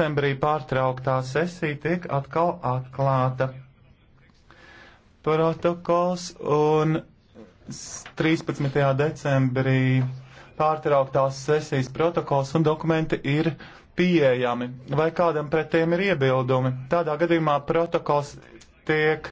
decembrī pārtrauktā sesija tiek atkal atklāta. Protokols un 13. decembrī pārtrauktās sesijas protokols un dokumenti ir pieejami. Vai kādam pret tiem ir iebildumi? Tādā gadījumā protokols tiek